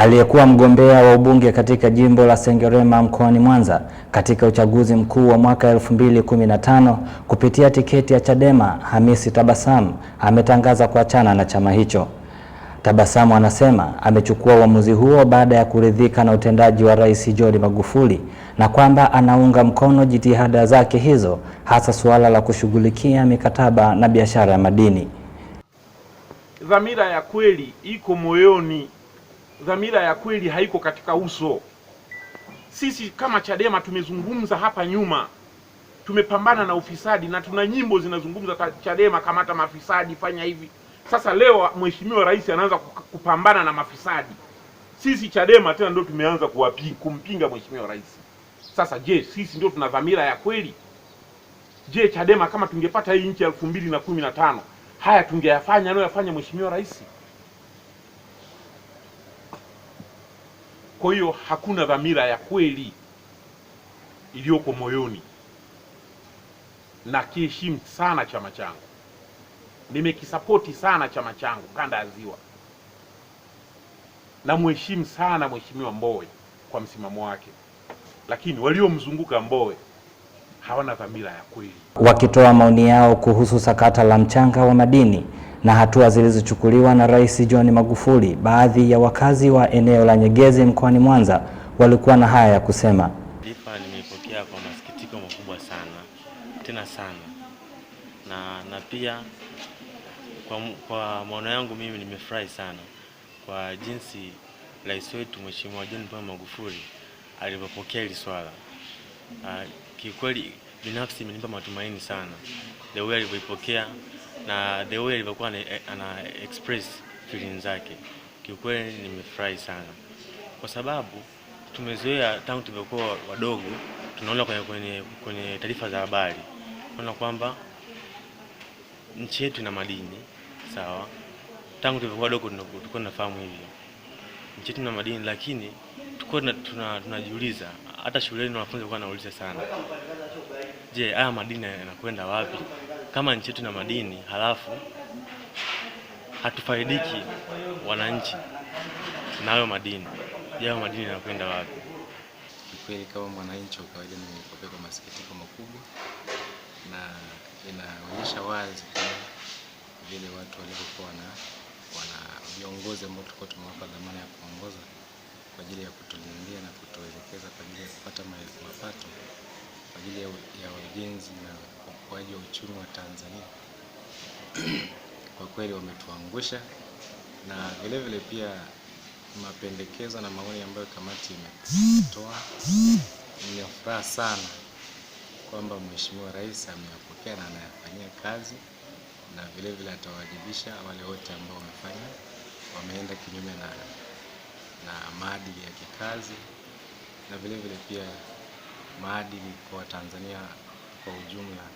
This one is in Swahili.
aliyekuwa mgombea wa ubunge katika jimbo la Sengerema mkoani Mwanza katika uchaguzi mkuu wa mwaka 2015 kupitia tiketi ya Chadema, Hamisi Tabasamu ametangaza kuachana na chama hicho. Tabasamu anasema amechukua uamuzi huo baada ya kuridhika na utendaji wa Rais John Magufuli na kwamba anaunga mkono jitihada zake hizo hasa suala la kushughulikia mikataba na biashara ya madini. Dhamira ya kweli iko moyoni dhamira ya kweli haiko katika uso. Sisi kama Chadema tumezungumza hapa nyuma, tumepambana na ufisadi na tuna nyimbo zinazungumza Chadema, kamata mafisadi, fanya hivi. Sasa leo ah, mheshimiwa rais anaanza kupambana na mafisadi, sisi Chadema tena ndio tumeanza kuwapi kumpinga mheshimiwa rais. Sasa je, sisi ndio tuna dhamira ya kweli? Je, Chadema kama tungepata hii nchi elfu mbili na kumi na tano haya tungeyafanya anayoyafanya mheshimiwa rais? Kwa hiyo hakuna dhamira ya kweli iliyoko moyoni, na kiheshimu sana chama changu, nimekisapoti sana chama changu kanda ya Ziwa, namheshimu sana mheshimiwa Mbowe kwa msimamo wake, lakini waliomzunguka Mbowe hawana dhamira ya kweli. Wakitoa maoni yao kuhusu sakata la mchanga wa madini na hatua zilizochukuliwa na Rais John Magufuli, baadhi ya wakazi wa eneo la Nyegezi mkoani Mwanza walikuwa na haya ya kusema. Taarifa nimeipokea kwa masikitiko makubwa sana tena sana, na, na pia kwa, kwa maono yangu mimi nimefurahi sana kwa jinsi rais wetu Mheshimiwa John Pombe Magufuli alivyopokea hili swala. Kikweli binafsi imenipa matumaini sana the way alivyoipokea na the way alivyokuwa ana express feeling zake, kiukweli nimefurahi sana, kwa sababu tumezoea tangu tulivyokuwa wadogo, tunaona kwenye, kwenye, kwenye taarifa za habari tunaona kwamba nchi yetu ina madini sawa. Tangu tulivyokuwa wadogo tulikuwa tunafahamu hivyo, nchi yetu ina madini, lakini tulikuwa tunajiuliza, hata shuleni wanafunzi walikuwa wanauliza sana, je, haya madini yanakwenda wapi? kama nchi yetu na madini halafu hatufaidiki wananchi na hayo madini, yao madini yanakwenda wapi? Kweli kama mwananchi wa kawaida nimepokea kwa masikitiko makubwa, na inaonyesha wazi vile watu walivyokuwa wana, wana viongozi ambao tulikuwa tumewapa dhamana ya kuongoza kwa ajili ya kutulindia na kutuelekeza kwa ajili ya kupata mapato kwa ajili ya ujenzi ukuaji wa uchumi wa Tanzania kwa kweli wametuangusha, na vilevile vile pia mapendekezo na maoni ambayo kamati imetoa, nina furaha sana kwamba Mheshimiwa Rais ameyapokea na anayafanyia kazi, na vilevile vile atawajibisha wale wote ambao wamefanya wameenda kinyume na, na maadili ya kikazi na vilevile vile pia maadili kwa Watanzania kwa ujumla.